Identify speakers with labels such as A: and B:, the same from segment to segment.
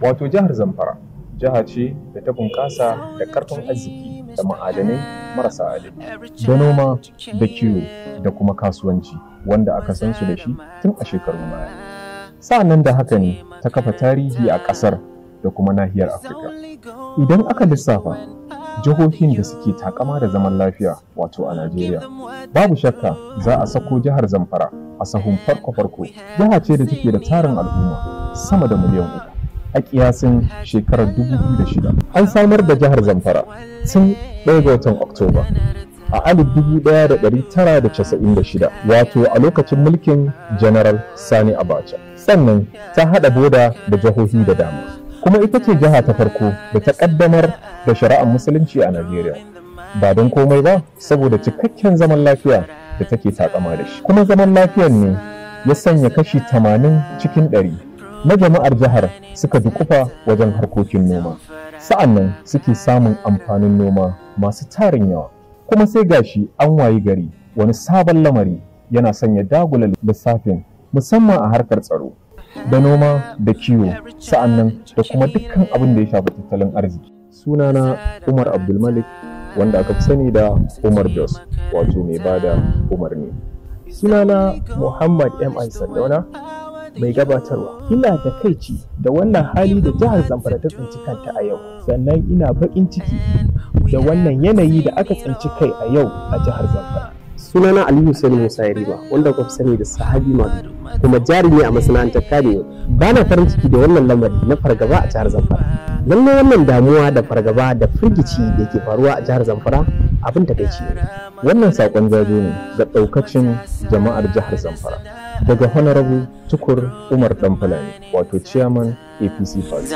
A: wato jihar zamfara jiha ce da ta bunƙasa da ƙarfin arziki da ma'adanai marasa adi da noma da kiwo da kuma kasuwanci wanda aka san su da shi tun a shekaru maya. baya sa'annan da haka ne ta kafa tarihi a ƙasar da kuma nahiyar afirka idan aka lissafa jihohin da suke takama da zaman lafiya wato a najeriya babu shakka za a sako jihar zamfara a sahun farko-farko jiha ce da take da tarin al'umma sama da miliyan uku a kiyasin shekarar 2006 an samar da jihar zamfara tun ɗaya ga watan oktoba a 1996 wato a lokacin mulkin general sani abacha sannan ta haɗa boda da jihohi da dama kuma ita ce jiha ta farko da ta ƙaddamar da shari'ar musulunci a najeriya ba don komai ba saboda cikakken zaman lafiya da take takama da shi kuma zaman lafiyan ne ya sanya kashi tamanin cikin ɗari. na jama'ar jihar suka dukufa wajen harkokin noma sa'annan suke samun amfanin noma masu tarin yawa kuma sai gashi an wayi gari wani sabon lamari yana sanya dagula lissafin musamman a harkar tsaro da noma da kiwo sa'annan da kuma dukkan abin da ya shafi tattalin arziki sunana umar abdulmalik wanda aka fi sani da umar jos wato mai bada umarni sunana muhammad m sardauna mai gabatarwa ina da kaici da wannan hali da jihar zamfara ta tsinci kanta a yau sannan ina baƙin ciki da wannan yanayi da aka tsinci kai a yau a jihar zamfara sunana aliyu hussein musa yariba wanda kuka sani da sahabi madudu kuma jari ne a masana'antar kamewa ba na farin ciki da wannan lamari na fargaba a jihar zamfara lallai wannan damuwa da fargaba da firgici da ke faruwa a jihar zamfara abin takaici ne wannan saƙon zabe ne ga ɗaukacin jama'ar jihar zamfara daga honorable tukur umar dan wato chairman apc party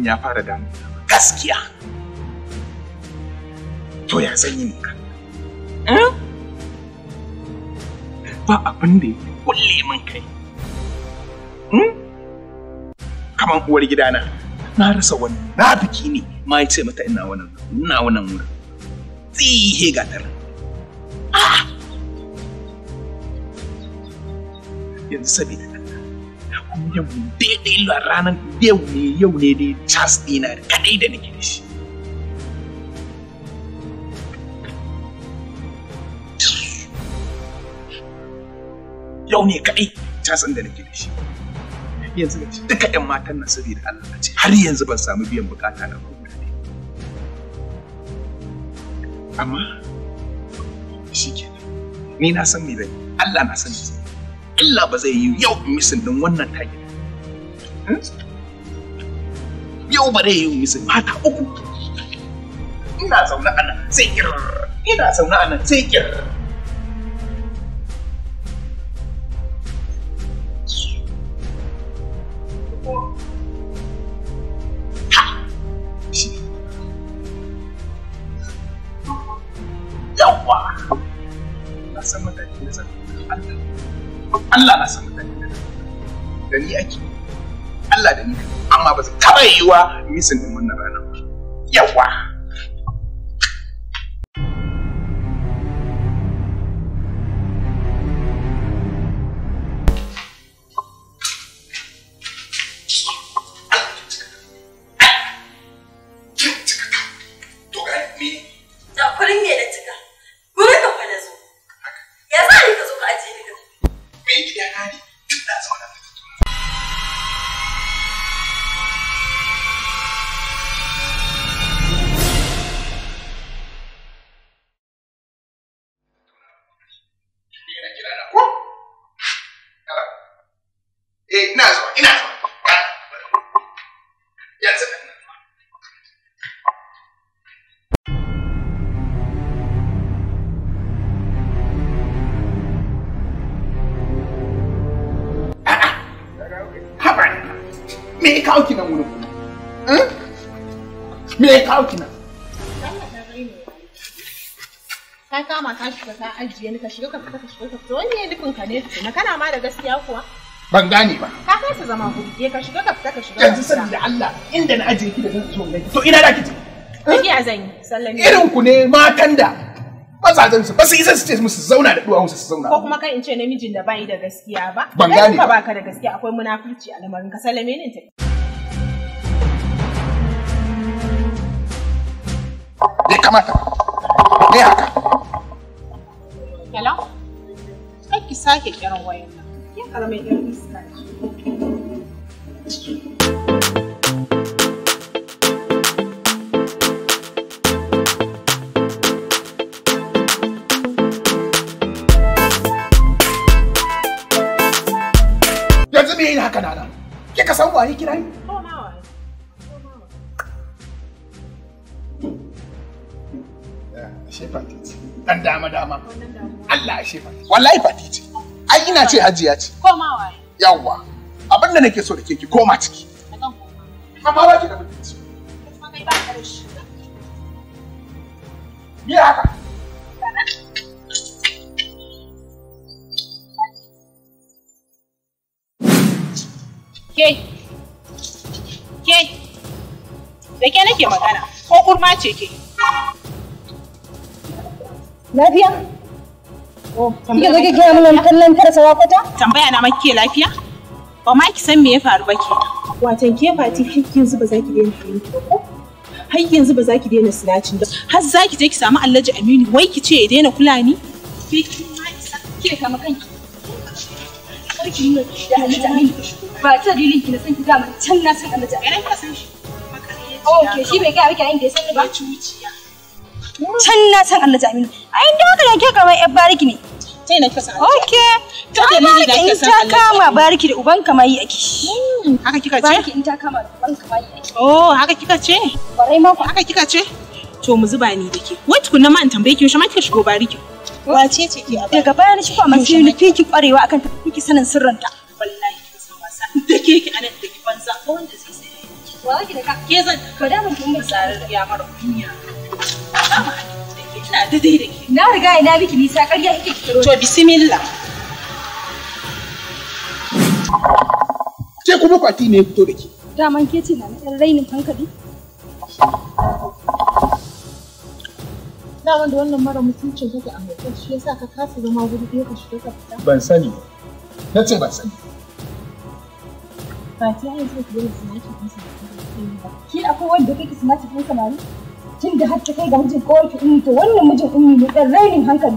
B: abin ya fara da gaskiya to ya sanyi yi eh? ba abin da ya kulle min kai hmm? kamar uwar gidana na rasa wani na biki ne ma ya ce mata ina wannan ina wannan wurin tsihe gatar ah! yanzu sabida yau daidai ranar yau ne yau ne dai cas ɗina kaɗai da nake da shi yau ne kaɗai casan da nake da shi yanzu da shi duka ƴan matan nan saboda Allah na ce har yanzu ban samu biyan bukata na ba amma shi kenan ni na san me bai Allah na san me zai Allah ba zai yi yau misin din wannan take yau bare yau misi mata uku ina zaune a nan sai kir ina zaune a nan sai kir kowa misin kawo ki nan?
C: Ka kama ka shiga ka ajiye ni ka shiga ka fita ka shiga ka fita wani ne nufin ka ne na kana ma da gaskiya kuwa? Ban gane ba. Ka kasa zama gurbe ka shiga ka fita ka shiga. Yanzu Sani da Allah
B: inda na ajiye ki da zan zo gani to ina da ki kike? Tafiya
C: zan yi sallami. Irin ku
B: ne matan da mazajen su ba su isa su ce musu zauna da duwawunsu su zauna. Ko kuma
C: kai in ce namijin da bai da gaskiya ba. Ban gane ba. Ba ka da gaskiya akwai munafurci a lamarin ka sallame ne ta. ya kamata ne haka hello sai ki sake kiran wayar nan ya karamin yan iska ce
D: yanzu
B: me yin haka nana ka san wani kira yi. ashe fati ce dan dama dama Allah fati wallahi fati ce ai ina ce hajiya ce koma waye yawwa abin da nake so da keke koma ciki amma ba ki da mutunci haka
C: ke ke da ke nake magana ko kurma ce ke Lafiya? Kike zo kike mun kallon karsa sa kwata? Tambaya na maki lafiya? Ba ma ki san me ya faru ba ke. Watan ke fati har yanzu ba za ki daina fahimta ko? Har yanzu ba za ki sinacin ba. Har za ki je ki samu Alhaji Aminu wai ki ce ya daina kula ni? Ke ki ma ki kama kanki. sarki ne da Alhaji Aminu. Ba ta dalilin ki na san ki dama can na san Alhaji Aminu. Ina ka san shi. Oh, ke shi bai ga miki inda ya san ba. Ba ci wuciya. Can na san Allah Aminu. Ai da haka da ke karɓar ƴar bariki ne. Sai na kika san Allah. Okay. Ta bariki in ta kama bariki da uban kamar yi ake. Mm, haka kika ce? Bariki in ta kama da uban kamar yi ake. Oh, haka kika ce? Kwarai ma ku. Haka kika ce? To mu zuba ni da ke. Wai tukunna ma in tambaye ki yaushe ma kika shigo bariki? Wace ce ke a Daga baya na shigo a matsayin nufi ki kwarewa akan tafi ki sanin sirrinta. Wallahi ki san wasa. Da ke ki anan da ki banza ko wanda zai sai. Wallahi da ka. Ke zan. Ko da mun kin ba tsare da ya mara kunya. Ina da dai da Na riga ina biki nisa ƙarya kike ki kiro. To bismillah.
B: ce kuma kwati ne fito da ke.
C: Daman ke ce na na ɗan rainin hankali. Daman da wannan mara mutuncin kake a hotel shi yasa ka kasa zama wuri ɗaya ka shiga ka fita.
B: Ban sani. Na ce ban sani.
C: Fati an yi so ki yi sinaci ɗin samari. Ki akwai wanda kake sinaci ɗin samari? tun da har ta kai ga mijin kawai ka yi ta wannan mijin ummi mai ɗan rainin hankali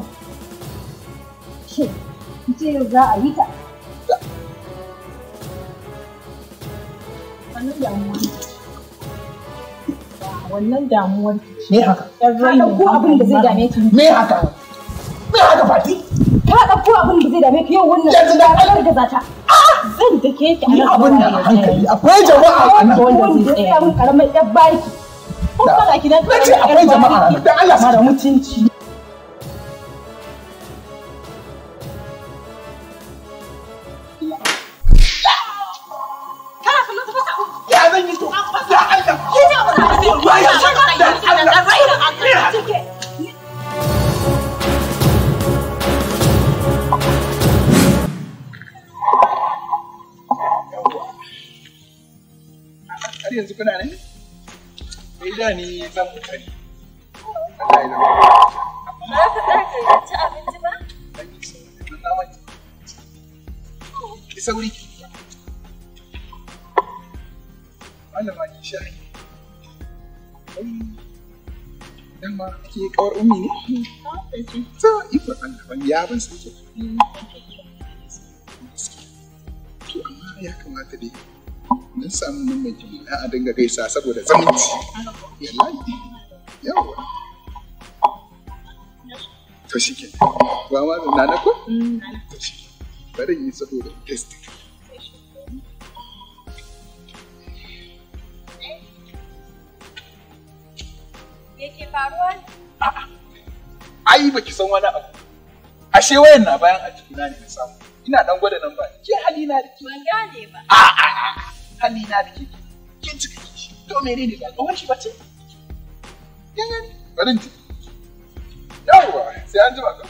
C: ke ce yau za a yi ta wannan damuwar me haka ka dauko abin da zai dame ki me haka
B: me haka fati
C: ka dauko abin da zai dame ki yau wannan yanzu da kalar da ta. Ah! zan dake ki a nan abin da hankali akwai jama'a a nan wanda ya samu karamar yar baki ko kana gidan ka ce akwai jama'a da Allah
B: da mutunci zan kare Allah ya zama amma
D: ka ɗaga ka ci
B: abinci ba ki sauri ki malama ki sha ai ma ke kawar ummi ne to ifa Allah ban ya ban sake to amma ya kamata dai mun samu nan mai jimila a dinga gaisa saboda zamanci to shi ke ba ma da nana ko? to shi ke bari yi saboda test yake faruwa ne? ai ki san wani abu ashe wayan na bayan a jikina ne na samu ina dan gwada nan ba ke halina da ke ban ne ba a a a halina da ke kin cika kishi to ne ba kawai shi bace kin gani bari ciki. Yawwa, sai an jima ka.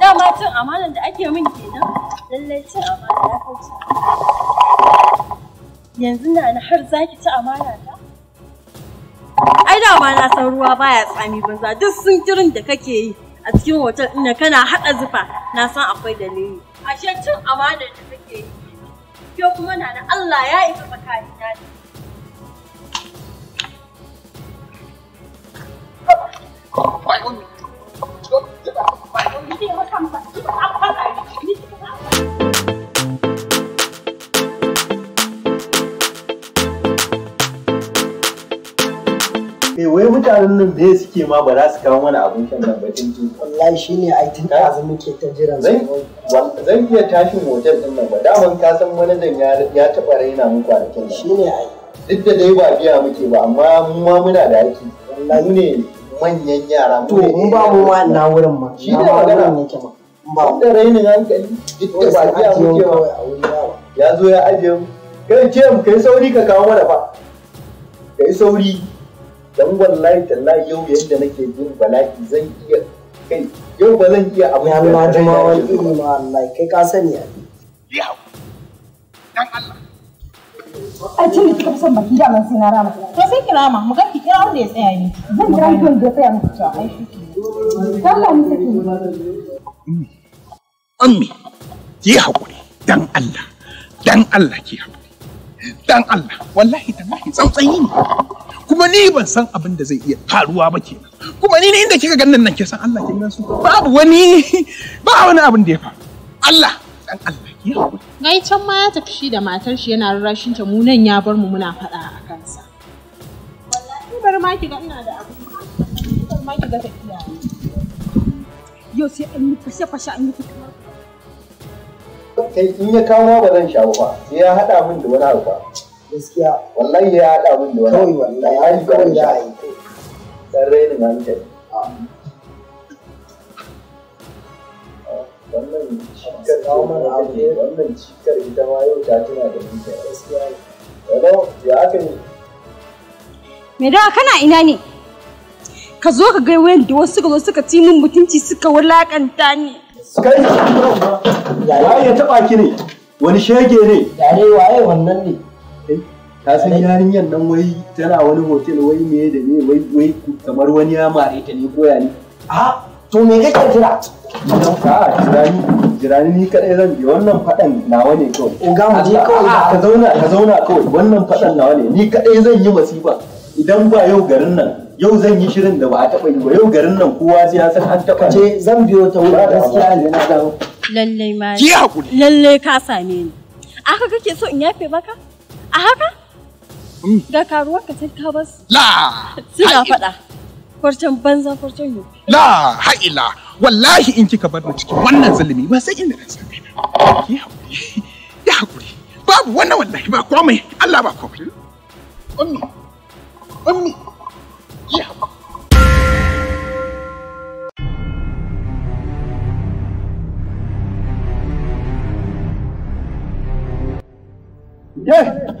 C: Dama cin amanar da ake min kenan, lallai cin amana ya kai Yanzu na na har zaki ci amana ta? Ai da dama na san ruwa baya tsami banza duk sun kirin da kake yi. a cikin hotel ɗin kana haɗa zufa na san akwai dalili ashe cin amana da kake yi
A: ke kuma na da Allah ya isa
C: tsakani na ne Thank you.
E: Me eh, wai mutanen nan me suke ma ba za su kawo mana abin kan nan ba tintin. Wallahi shine ai tun da ke ta jiran zai Zan iya tashin hotel din nan ba daman ka san manajan ya taɓa raina mu kwanakin nan. Shine ai. Duk da dai ba biya muke ba amma mu ma muna da aiki. Wallahi ne manyan yara. To mu ba mu ma na wurin ma. Shi ne magana. Ba da rainin hankali duk da ba biya muke ba. Ya zo ya ajiye mu. Kai ce mu kai sauri ka kawo mana fa. Kai sauri. dan wallahi tallahi yau yadda nake jin bala'i zan iya kai yau ba zan iya abu ya ma jima wani ma Allah kai ka sani ya ya
B: dan Allah a ce ki kamsan baki da
C: man sai na rama to sai kira ma mu ga ki kira wanda ya tsaya ne zan kira ki
B: da tsaya mu ta ai Allah mu take ammi ki hakuri dan Allah dan Allah ki hakuri dan Allah wallahi tallahi tsantsayi ne kuma ni ban san abin da zai iya faruwa ba ke kuma ni ne inda kika gannan nan ke san Allah ke su babu wani ba wani abin da ya faru Allah
C: dan Allah ke gai can ma ya tafi shi da matar shi yana rarrashin ta mu nan ya bar mu muna faɗa a kansa wallahi bar ma ki ga ina da abu bar ma ki ga ta iya yau sai an yi fashe fashe an yi fitina
E: kai in ya kawo ba zan sha ba sai ya haɗa min da wani abu ba gaskiya wallahi ya haɗa min da wani ya yi dan hankali da
C: me da kana ina ne ka zo ka ga wayan da wasu ka suka ci min mutunci suka wulakanta ni kai
E: ya taba ki ne wani shege ne yare waye wannan ne ka san yarinyar nan wai tana wani hotel wai me da ne, wai wai kamar wani ya mare ta ne koya ne a to me kake jira don ka jirani jirani ni kadai zan bi wannan fadan nawa ne kawai oga eh, mu je kawai ka zauna ka zauna kawai wannan fadan nawa ne ni kadai zan yi masifa idan ba yau garin nan yau zan yi shirin da ba a taɓa yi ba yau garin nan kowa sai ya san an taɓa ce zan biyo ta wurin gaskiya ne na dawo lallai ma
C: lallai ka same ni aka kake so in yafe maka? A haka? Da mm. karuwa ka sai ka bas. La! Suna faɗa. Farcen banza farcen yau.
B: La! Ha'ila! Wallahi in kika bar ni cikin wannan zulumi ba sai inda na same ni. Ya haƙuri. Babu wannan wallahi ba komai. Allah ba komai. Ummi. Ummi. Ya haƙuri.
E: Yeah.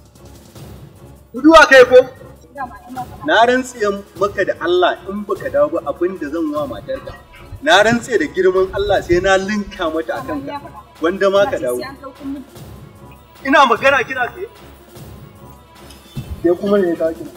D: Kuduwa kai ko
E: na rantse maka da Allah in baka dawo ba abin da zan wa matarka na rantse da girman Allah sai na linka mata akan ka wanda ma ka dawo
F: ina magana kina
E: ke kuma ne ta kina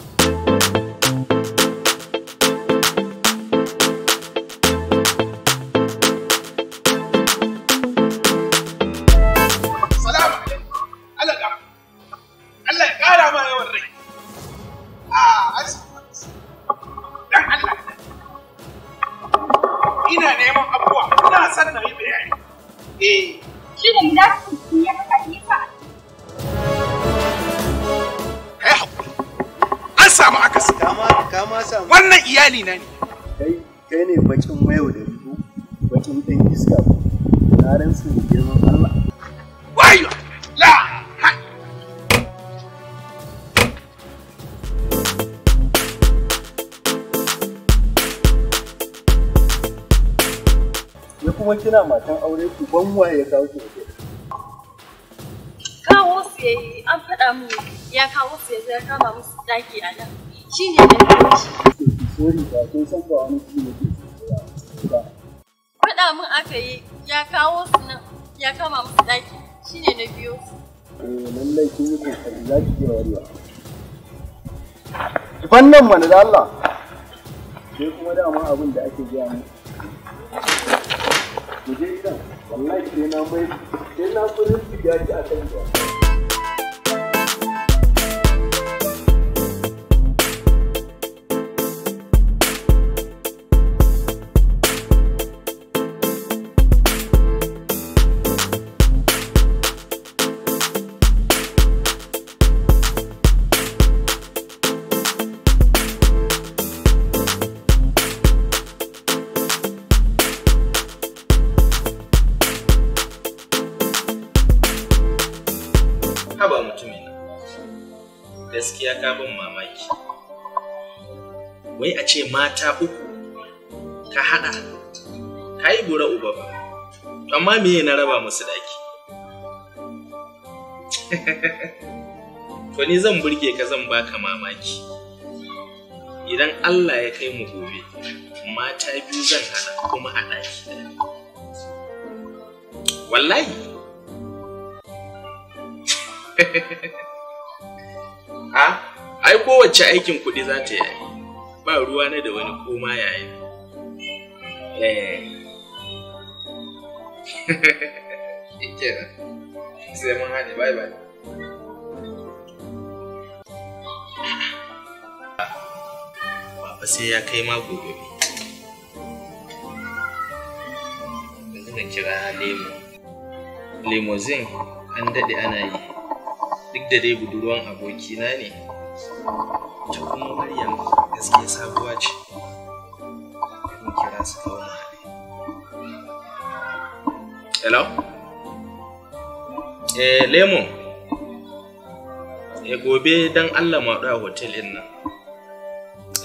E: kuma kina matan aure ki ban waye kawo ki ke
C: kawo su yayi an faɗa mu ya kawo su yayi ya kama musu daki a nan
E: shine da shi sori ba kin san ba wani shi ne ke ba faɗa mun aka yi ya kawo su nan ya kama musu daki shine na biyo eh lallai kin yi kokari za ki je wariya fannin mana da Allah sai kuma dama abin da ake gaya mu mu gidan wallahi sai na mai sai na furin ya ci a
B: kan wai a ce mata uku ka haɗa ka yi bura uba ba amma me na raba musu daki
E: to ni zan burge ka zan baka mamaki idan allah ya kai mu gobe mata biyu zan hada kuma a
D: ɗaki
B: wallahi ha ah, ai kowace aikin kuɗi za ta yi ba ruwa na da wani koma yayin eh sai mun bye bye ba sai ya kai ma gobe
E: ne kira lemo limousine an daɗe ana yi duk da dai budurwan abokina ne
B: ita
E: kuma maryam gaskiya sabuwa ce kan kira su ta hello eh lemon eh gobe dan allah maɗu a hotel ɗin nan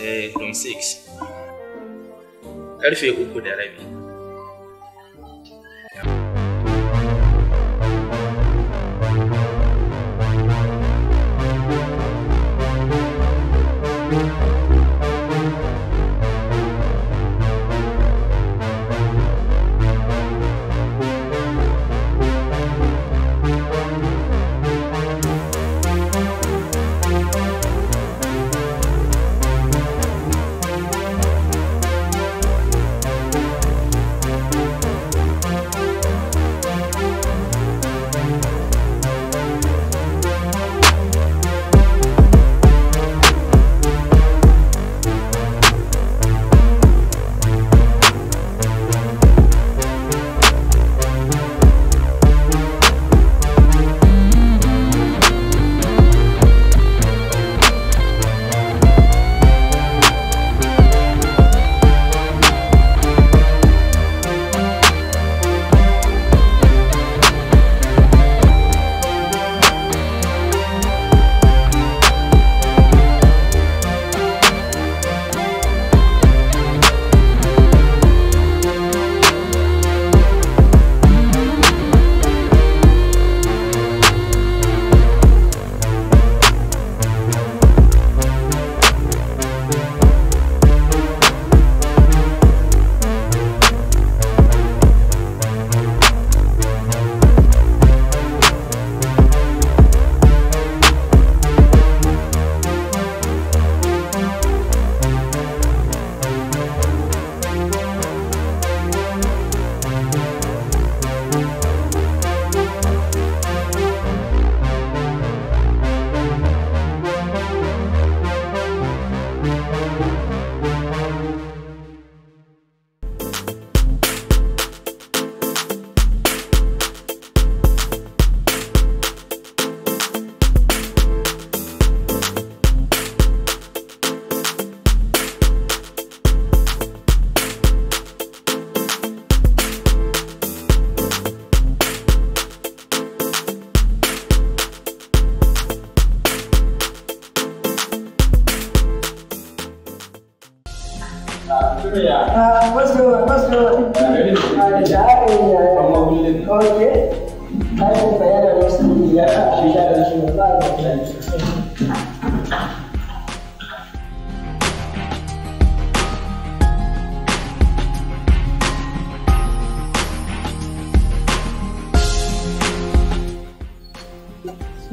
B: eh room 6 karfe uku da rabi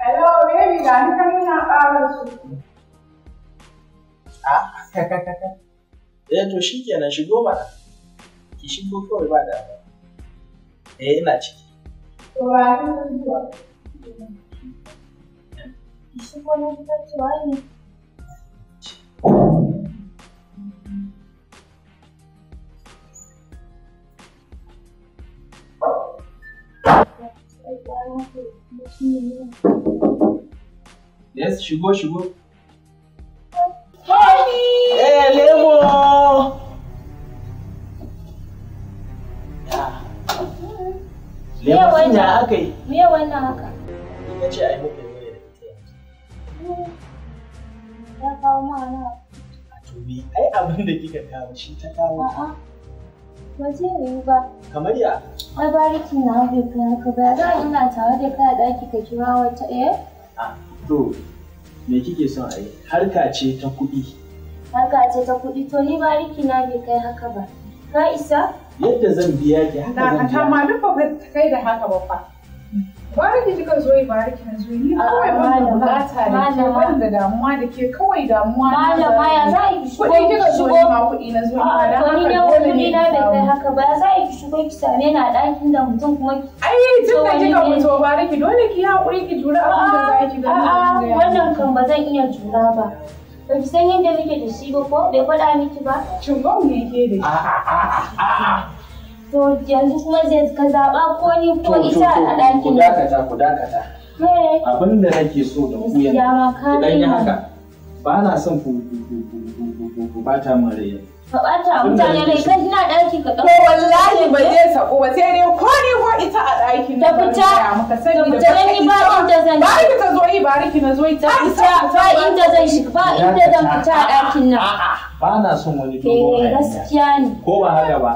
B: Hello, baby, ni kan
E: Ah, eh to shi kenan shigo mana. Ki shigo kawai ba da Eh ina ciki.
C: To ba ni zuwa. Ki
D: shigo na fitowa ne.
E: Thank you. Beleza? shigo shigo.
D: Eh, Lemo!
E: Ah. Lemo
C: Me wannan haka?
E: Ya ce a yi muku ne
C: da Ya kawo ma na.
E: A tobi, ai abin da kika kawo shi ta kawo. A'a.
C: Ba zai yiwu ba. Kamar ya? Ai na bai kai haka ba. Za ina tare da kai a ɗaki ka kira wata ɗaya? Eh?
E: Ah, to, me kike son a yi harka ce ta kuɗi
C: harka ce ta kuɗi to ni ba riki na bai kai haka ba ka isa
E: yadda zan biya ki haka zan biya ka ta
C: ma duk ba kai da haka ba fa Bara ki kika zo yi bara ki zo ni kawai ban da bukata da ke ban da damuwa da ke kawai damuwa na da Malama ya za ki shigo kuɗi kika zo yi ma kuɗi na zo ni ma dan haka dole ne na bai kai haka ba za ki shigo ki same ni a ɗakin da mutum kuma ki Ai tun da kika fito bara ki dole ki haƙuri ki jura abin da za ki ga ni wannan kan ba zan iya jura ba Ba ki san yadda muke da shi ba ko bai faɗa miki ba? Cin gwam ne
B: ke da shi.
C: To yanzu kuma zai ka zaɓa ko ni ko ita a ɗakin. Ku dakata ku dakata. Eh. Abin
E: da nake so da ku yanzu idan ya haka ba na son ku bata min rai yanzu.
C: ka ɓata a mutane rai kan ina ɗaki ka ɗauko. Ko wallahi ba zai sako ba sai dai ko ni ko ita a ɗakin da ba ta maka sani da ba ki ba inda zan ba ki ta zo yi ba ki na zo yi ta isa ba inda zan shi ba inda zan fita a ɗakin nan.
E: Ba na son wani dogon eh, hayaniya. Gaskiya ne. Ko ba haka ba.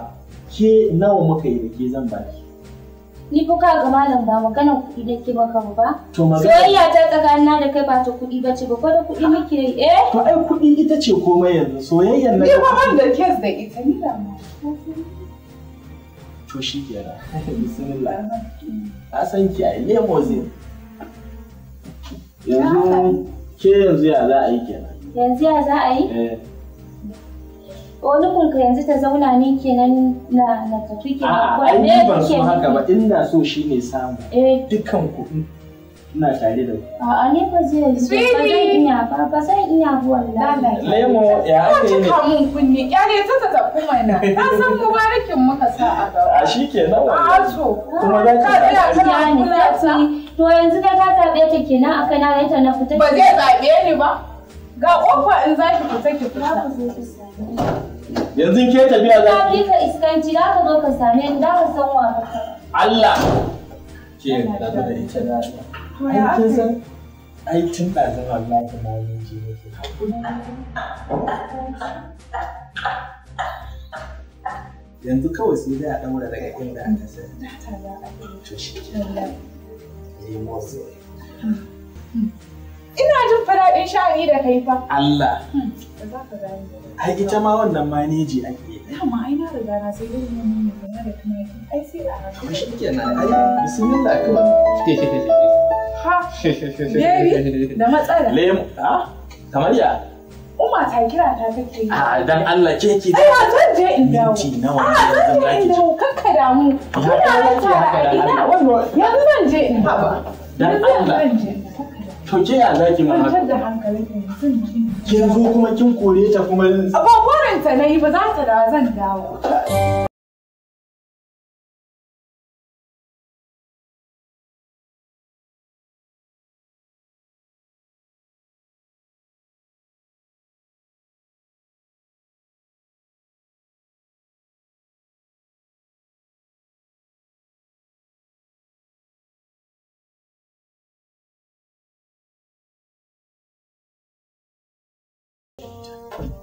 E: ke nawa muka yi da ke zan baki
C: ni fi ka ga malam ba maganar kuɗi da ke maka ba soyayya ta tsakanin da kai ba ta kuɗi ba ce ba da kuɗi muke yi eh
E: to ai kuɗi ita ce komai yanzu soyayyan na ni ba ban
C: da kes da ita ni da ma
E: to shi kenan bismillah a san ki ai limousine yanzu ke yanzu ya za a yi kenan
C: yanzu ya za a yi eh wani kunka yanzu ta zauna ne kenan na na tafi kenan
E: ko ne ban so haka ba Ina so shi ne samu eh. dukkan ku ina tare da ku
C: a ne ba zai yi ba zan iya ba ba zan iya ba wallahi lemo
E: ya ake ne ka
C: mun kunni yare ta ta tafi mana na san mubarakin muka sa a gaba
E: a shikenan wallahi a so kuma za ka tsaya kana
C: to yanzu da ka zabe ta kenan aka na ta na fita ba zai zabe ni ba ga kofa in za ki fita ki fita
E: yanzu ke tafiya za ki
C: ka iskanci za ka zo ka same ni za ka san wa
E: Allah ke da da ita da
B: ai
C: kin
E: san ai tun da zan wallahi na yi ji ne ke yanzu kawai sai dai a daura daga inda
B: aka
E: yi to shi ke ne sai
C: Ina jin faɗaɗin sha'ani da kai fa. Allah. Hmm, ai ita
E: ma wannan maneji ake
C: yi. Dama ai na riga na sai dai mun yi kama da tumaki. Ai sai a haka. Shi ke nan. ai bismillah kawai. Ha.
E: Baby da matsala. Lemu. Ha? Kamar ya?
C: Uma ta kira ta take yi. A ah,
E: dan Allah ke ki. Ai zan
C: je in dawo. Minti nawa ah, ne zan zaki. zan je in dawo kakka damu. mu. nan tare a ina wannan. Yanzu zan je in dawo.
E: Dan Allah. To ke ya zaki ma haka?
C: Kwantar da ne, yanzu kin.
E: Kin zo kuma kin kore ta kuma. Ba
C: koren ta nayi ba za ta da zan dawo.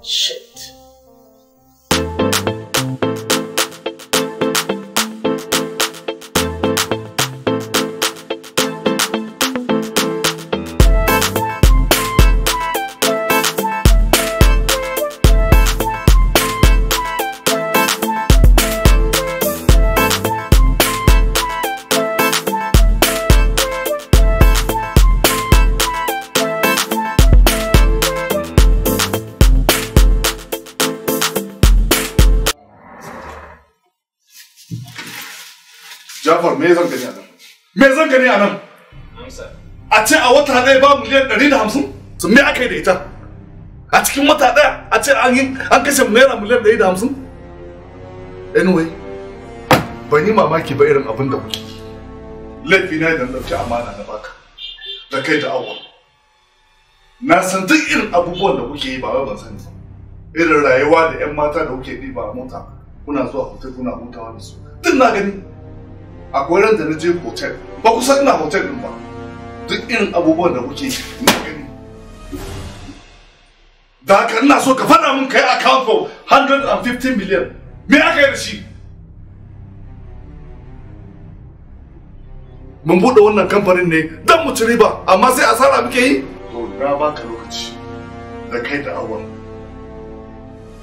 A: Shit.
F: mutane ba miliyan ɗari da hamsin su me aka yi da ita a cikin wata ɗaya a ce an yi an kashe naira miliyan ɗari da hamsin anyway ban yi mamaki ba irin abin da kuke laifi na da ɗauki amana na baka da kai da awon na san duk irin abubuwan da kuke yi ba wai ban sani irin rayuwa da 'yan mata da kuke ɗiba a mota kuna zuwa hotel kuna hutawa da su duk na gani akwai ran da na je hotel ba kusa ina hotel din ba duk irin abubuwan da kuke gani da haka ina so ka faɗa mun kai account for 150 million me aka yi da shi mun buɗe wannan kamfanin ne don mu ci riba amma sai asara muke yi to na baka lokaci da kai da awon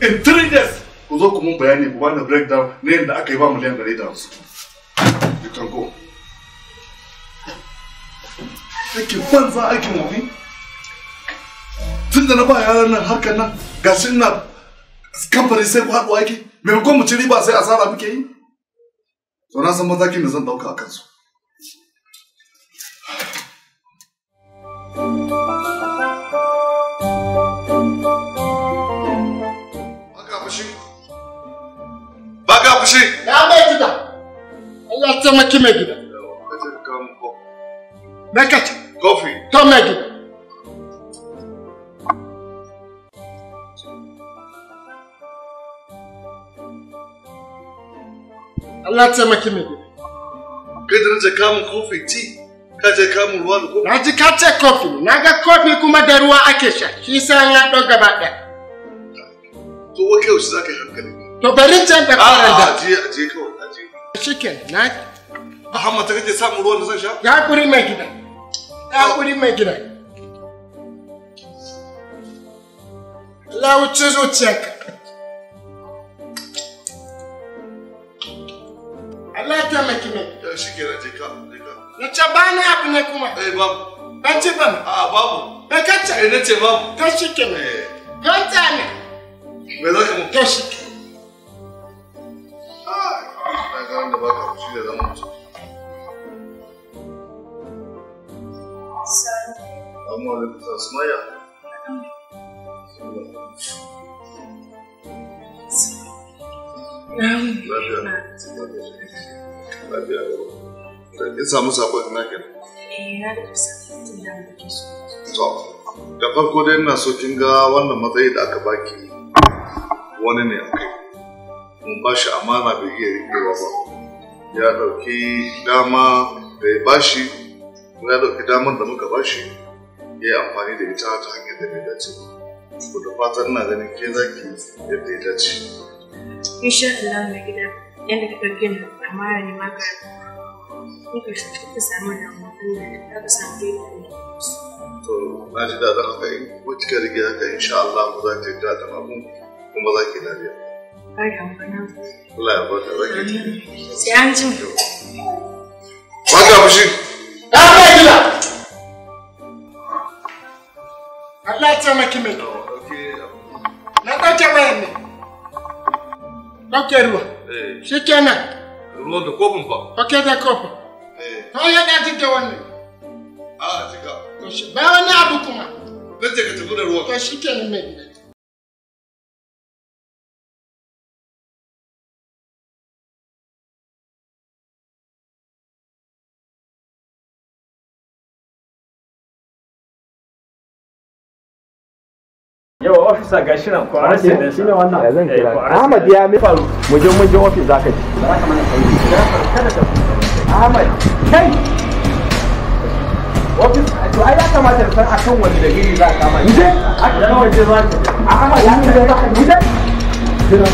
F: in three days ku zo ku mun bayani ku bani breakdown na yadda aka yi ba miliyan ɗari da hamsin you can go aikin banza aikin wafi tunda na ba yaran nan harkar nan ga shi na kamfani sai ku haɗu aiki maimakon mu ci riba sai asara muke yi to na san matakin da zan ɗauka a kansu
D: Ba ga fushi! Ya mai gida! Allah ta maki mai gida! Naked. Godfrey. Come here. Allah taimaki mai gobe. Kai da nace kamun kofi ti, ka je kamun ruwa da kofi. Na ji ka ce kofi, na ga kofi kuma da ruwa ake sha, shi sa ya ɗau gaba ɗaya.
F: To wa kai wasu za ka yi hankali. To bari can ah, da fara da. A je a je kawai a je.
D: Shi ke na. Ba hamma ta kake samun ruwan da zan sha? Ya kuri mai gida. ya haƙuri mai gidan Allah wuce zuciyarka Allah ya taimaki mai ya shi ke raje ka nace ba ni abu ne kuma eh babu ban ce ban a babu ban kacce eh nace babu to shi ke ne don tsami me za ka mu to shi ke
F: ah ga wanda ba ka kuci da zama mutum Amma lokuta Sumayya. Lafiya. Lafiya. na
B: kenan.
F: da farko dai ina so kin ga wannan matsayi da aka baki wani ne a kai. Mun ba shi amana bai iya riƙewa ba. Ya ɗauki dama da ya bashi kuma ya ɗauki damar da muka ba shi ya yi amfani da ita ta hanyar da bai dace ba da fatan na ganin ke za ki yadda ya dace
C: insha Allah mai gida yadda ka ɗauke ni amara ne maka
B: in ka shi ka samu da Allah da ka samu da
F: to na ji daɗin haka in ko ka rige haka insha Allah mu za ki da ta kuma za ki dariya Allah ya baka,
B: Sai an ji.
D: fushi. na ce maki mai. Na ɗauke bayan ne. Ɗauke ruwa. Shi kenan. Ruwan da kofin fa. Ɗauke da kofin. Ta yi haɗa jike wannan. A cika. Ba wani abu kuma.
A: Zan ce ka tafi da ruwan. To shi kenan officer gashi nan ah, sai wannan eh, ya zan kira Ahmad ya mi faru mu
E: je mun je office zaka ji Ahmad kai office to ai ya kamata san akan wani dalili za ka kama ni dai a kan waje za ka ni dai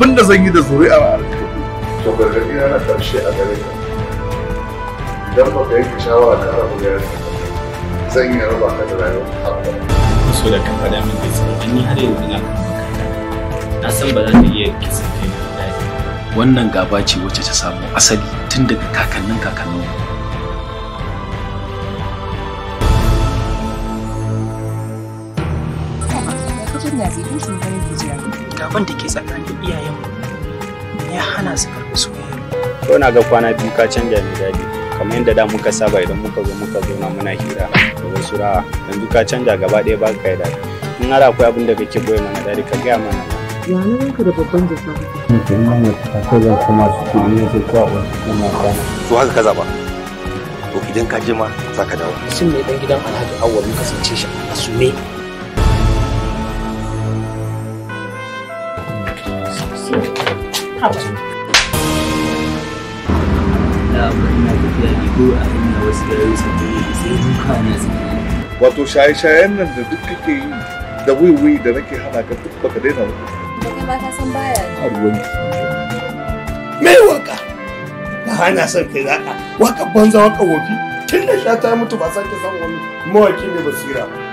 F: abin da zan yi da zuri'a a to gargaɗi na na ƙarshe a gare ka idan ba ka yanke shawara ka rabu da yarda zan yi raba ka da rayuwar haka so da ka faɗa min gaskiya an yi har yanzu na kan bukata na san ba za ta iya kisan kai
B: wannan gaba ce wacce ta samu asali tun daga kakannin kakannin da kacin da zai shugaban gyaban da ke tsakanin iyayenmu ya hana su karɓi soyayya.
E: Yau na ga kwana biyu ka canja mai daɗi kamar yadda da muka saba idan muka zo muka zauna muna hira da wasu ra'a yanzu ka canja gaba ɗaya ba ka yi daɗi in har akwai abin da kake boye mana daɗi ka gaya mana.
A: Ya ka ranka da babban jasa.
E: Ina ne ka kaza kuma su kuɗi ne sai kuwa wasu kuma kana. To haka ka zaba. To idan ka je ma za ka dawo. Sun mai ɗan gidan Alhaji Awwal muka sance shi a sume
F: Wato shaye-shayen nan da duk kake yi da wiwi da nake hana ka duk baka daina ba.
C: Daga ba ka san baya.
F: Har wani. Me waka? Na hana son kai zaka. Waka banza waka wofi. Kin da sha ta mutu ba sake samu wani mawaki mai basira ba.